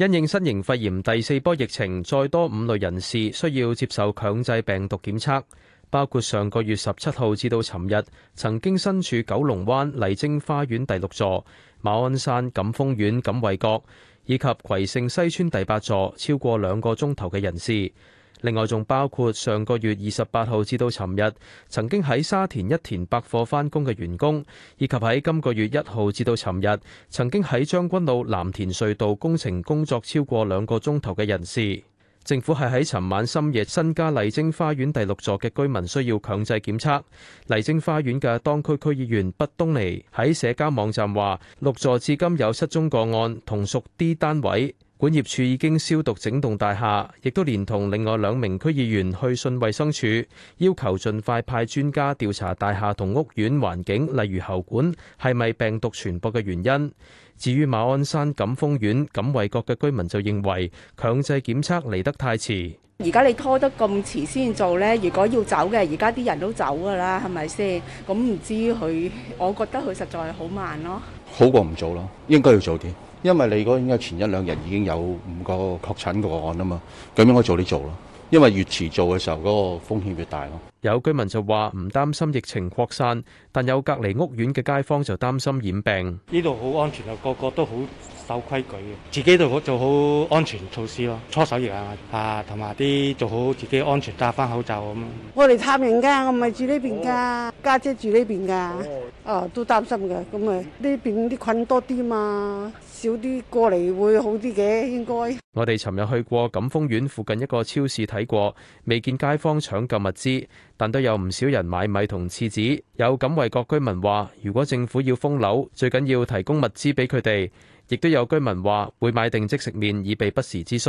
因應新型肺炎第四波疫情，再多五類人士需要接受強制病毒檢測，包括上個月十七號至到尋日曾經身處九龍灣麗晶花園第六座、馬鞍山錦豐苑錦蕙閣以及葵盛西邨第八座超過兩個鐘頭嘅人士。另外，仲包括上個月二十八號至到尋日曾經喺沙田一田百貨翻工嘅員工，以及喺今個月一號至到尋日曾經喺將軍澳藍田隧道工程工作超過兩個鐘頭嘅人士。政府係喺尋晚深夜，新加麗晶花園第六座嘅居民需要強制檢測。麗晶花園嘅當區區議員畢東尼喺社交網站話：六座至今有失蹤個案，同屬 D 單位。管業處已經消毒整棟大廈，亦都連同另外兩名區議員去信衛生署，要求盡快派專家調查大廈同屋苑環境，例如喉管係咪病毒傳播嘅原因。至於馬鞍山錦豐苑、錦蕙閣嘅居民就認為強制檢測嚟得太遲。而家你拖得咁遲先做咧，如果要走嘅，而家啲人都走噶啦，係咪先？咁唔知佢，我覺得佢實在好慢咯。好過唔做咯，應該要做啲，因為你嗰應該前一兩日已經有五個確診個案啊嘛，咁應該做啲做咯，因為越遲做嘅時候嗰個風險越大咯。有居民就話唔擔心疫情擴散，但有隔離屋苑嘅街坊就擔心染病。呢度好安全啊，個個都好。守規矩自己都做好安全措施咯。搓手液啊，啊，同埋啲做好自己安全，戴翻口罩咁。我嚟探人噶，我唔係住呢邊噶，家姐住呢邊噶。啊，都擔心嘅咁啊。呢邊啲菌多啲嘛，少啲過嚟會好啲嘅應該。我哋尋日去過錦豐苑附近一個超市睇過，未見街坊搶購物資，但都有唔少人買米同廁紙。有錦蕙閣居民話：如果政府要封樓，最緊要提供物資俾佢哋。亦都有居民話會買定即食麵，以備不時之需。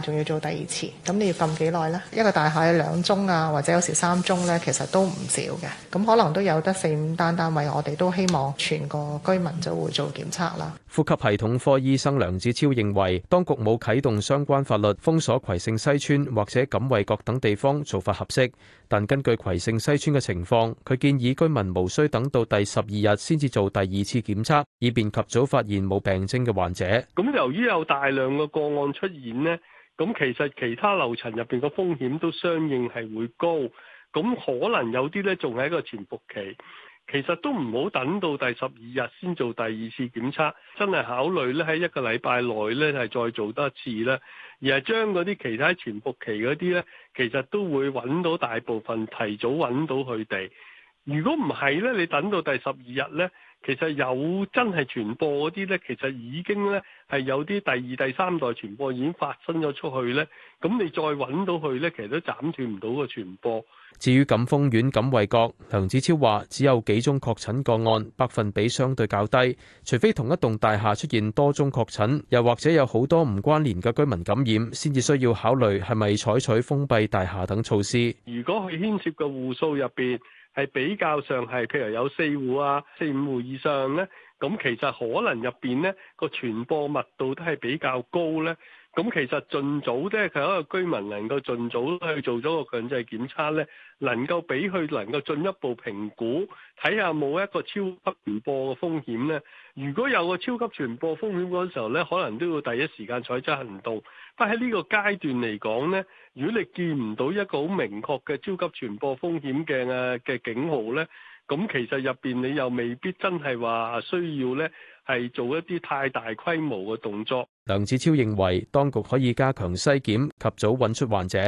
仲要做第二次，咁你要撳幾耐呢？一個大廈有兩鐘啊，或者有時三鐘呢，其實都唔少嘅。咁可能都有得四五單單位，我哋都希望全個居民就會做檢測啦。呼吸系統科醫生梁子超認為，當局冇啟動相關法律封鎖葵盛西邨或者錦蕙閣等地方做法合適，但根據葵盛西邨嘅情況，佢建議居民無需等到第十二日先至做第二次檢測，以便及早發現冇病徵嘅患者。咁由於有大量嘅個案出現呢。咁其實其他樓層入邊個風險都相應係會高，咁可能有啲呢仲係一個潛伏期，其實都唔好等到第十二日先做第二次檢測，真係考慮呢喺一個禮拜內呢，係再做多一次啦，而係將嗰啲其他潛伏期嗰啲呢，其實都會揾到大部分提早揾到佢哋。如果唔係呢，你等到第十二日呢。其實有真係傳播嗰啲呢，其實已經呢，係有啲第二、第三代傳播已經發生咗出去呢。咁你再揾到佢呢，其實都斬斷唔到個傳播。至於錦豐苑、錦蕙閣，梁子超話只有幾宗確診個案，百分比相對較低。除非同一棟大廈出現多宗確診，又或者有好多唔關聯嘅居民感染，先至需要考慮係咪採取封閉大廈等措施。如果佢牽涉嘅戶數入邊係比較上係，譬如有四戶啊、四五戶。以上呢，咁其實可能入邊呢個傳播密度都係比較高呢。咁其實盡早，即係佢一個居民能夠盡早去做咗個強制檢測呢，能夠俾佢能夠進一步評估，睇下冇一個超級傳播嘅風險呢。如果有個超級傳播風險嗰陣時候呢，可能都要第一時間採取行動。但喺呢個階段嚟講呢，如果你見唔到一個好明確嘅超級傳播風險嘅嘅警號呢。咁其實入面你又未必真係話需要咧，係做一啲太大規模嘅動作。梁子超認為，當局可以加強篩檢及早揾出患者。